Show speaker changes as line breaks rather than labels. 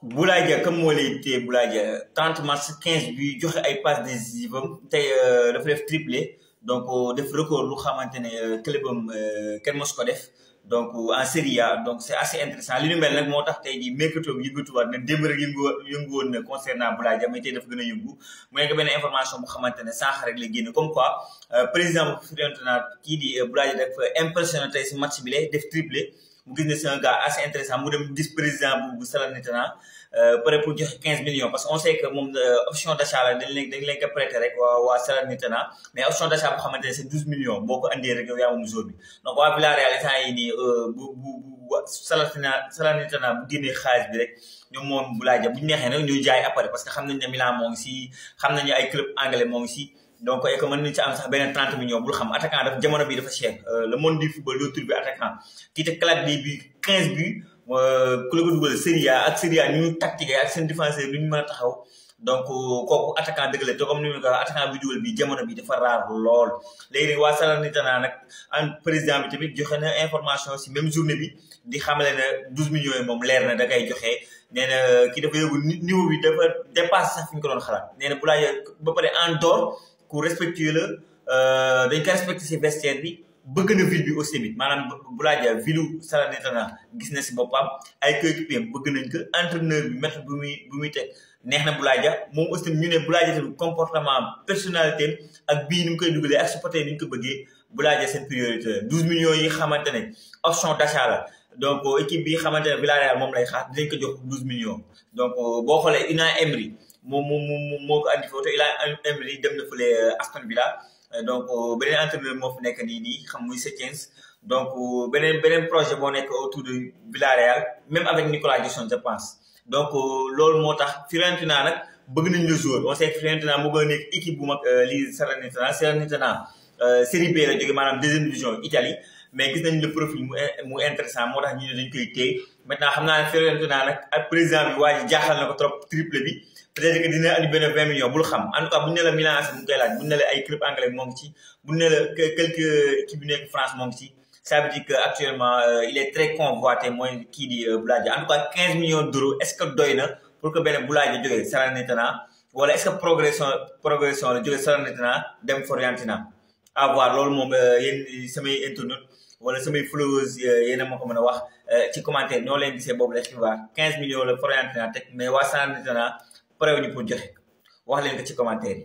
Boulaye comme moo lay Boulaye 30 matchs 15 buts il passe des décisives il tey euh, dafa triplé donc euh, def record lu xamante ne euh, club am kenn mos ko def donc en Serie A donc c'est assez intéressant li ñu mel nag moo tax tey jii mercato bi yëngatuwaat na démb rek yëngu concernant Boulaye mais il dafa fait a yëngu mu nekk information bu xamante ne rek la génn comme quoi président Fiorentina qui di Boulaye a def impressionné c'est si match bi la def triplé. mu gis ne c'est un gars assez intéressant mu dem gis président bu bu Salernitana euh, pare pour joxe quinze millions parce que on sait que moom euh, option d'achat la dañ leen dañ leen ko mais option d'achat boo xamante ne c'est douze millions boo ko andee rek yow yaa moom jour bi donc waa Villarreal temps yi nii euh, bu bu bu Salernitana Salernitana bu génnee xaalis bi rek ñoom moom bu laajee bu ñu neexee nag ñu jaay après parce que xam nañ ne Milan moo ngi si xam nañu ay club anglais moo ngi si. donc et que mën nañu ci am sax beneen 30 millions bul xam attaquant dafa jamono bi dafa cher euh, le monde du football doo tur euh, A ak Serie A ni ñu tactique ak ñu mën taxaw donc kooku attaquant dëgg la te comme ni ma ko attaquant lool léegi waa Salernitana nag président tamit joxe na information si même journée bi di xamale ne 12 millions yi moom leer na da ngay joxe nee na kii dafa yóbbu niveau bi dafa dépassé sax fi ñu ko doon xalaat nee na bu ba pare en dehors. ku respectueux la euh, dañ ko respecté si vestiaire bi bëgg na ville bi aussi tamit maanaam bu laajee ville Salernitana gis na si boppam ay coéquipier bëgg nañ ko entraîneur bi maître bu muy bu muy teg neex na Boulaye Dia moom aussi ñu ne Boulaye Dia tamit comportement personnalité ak bii ni mu koy dugalee ak supporter ni ñu ko bëggee Boulaye Dia seen priorité la 12 millions xamante ne option d'achat la donc équipe bi xamante ne Villarreal moom lay xaar dinañ ko jox 12 millions donc boo xoolee Unai moom moom moo ko andi foofu te Ilan Emery dem na fële euh, Aston Villa euh, donc euh, benen entraîneur mo fi nek ni ni xam muy Setiens donc benen benen projet bo nek autour de Villarreal même avec Nicolas Jackson je pense donc loolu motax Fiorentina nak bëgg nañ le joueur on sait que Fiorentina moo gën a nekk équipe bu mag lii Salernitana Salernitana Série B la jóge manam deuxième division Italie mais gis nañ le profil mu mu intéressant motax tax ñu dañ koy téye maintenant xam naa Fiorentina nak ak président bi waa ji jaaxal na ko trop triple bi peut-être que dina andi benn 20 millions bul xam en tout cas bu ñu ne la Milan AC mu ngi koy laaj bu ñu ne la ay club anglais mo ngi ci bu ñu ne la quelques équipes yu France mo ngi ci ça veut dire que actuellement euh, il est très convoité mooy kii di euh, Boulaye Dia en tout cas 15 millions d'euros est-ce que doyna pour que benn Boulaye Dia Salernitana wala est-ce que progression progression la jógee Salernitana dem Fiorentina à voir loolu moom euh, yéen samay internet wala samay followers yéen mako ma wax ci commentaire ñoo leen gisee boobu la xibaar quinze millions le Fiorentina tek mais waa Salernitana pare wu ñu pour joxe wax leen ko ci commentaire